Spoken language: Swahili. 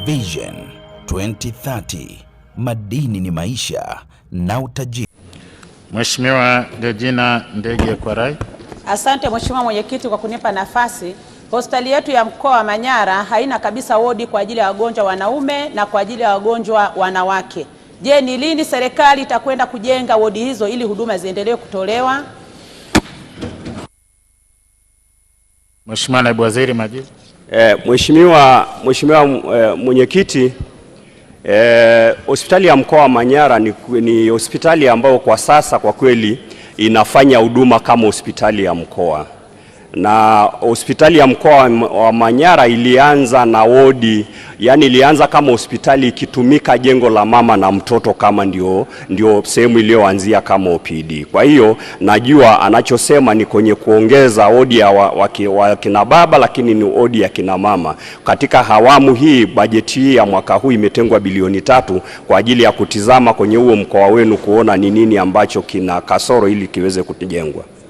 Vision 2030 madini ni maisha na utajiri. Mheshimiwa Regina Ndege kwa rai. Asante Mheshimiwa Mwenyekiti kwa kunipa nafasi. Hospitali yetu ya mkoa wa Manyara haina kabisa wodi kwa ajili ya wagonjwa wanaume na kwa ajili ya wagonjwa wanawake. Je, ni lini serikali itakwenda kujenga wodi hizo ili huduma ziendelee kutolewa? Mheshimiwa Naibu Waziri, majibu. Eh, Mheshimiwa Mheshimiwa eh, mwenyekiti eh, hospitali ya mkoa wa Manyara ni, ni hospitali ambayo kwa sasa kwa kweli inafanya huduma kama hospitali ya mkoa na hospitali ya mkoa wa Manyara ilianza na wodi, yani ilianza kama hospitali ikitumika jengo la mama na mtoto kama ndio, ndio sehemu iliyoanzia kama OPD. Kwa hiyo najua anachosema ni kwenye kuongeza wodi ya wakina wa, wa baba, lakini ni wodi ya kina mama. Katika hawamu hii, bajeti hii ya mwaka huu imetengwa bilioni tatu kwa ajili ya kutizama kwenye huo mkoa wenu kuona ni nini ambacho kina kasoro ili kiweze kujengwa.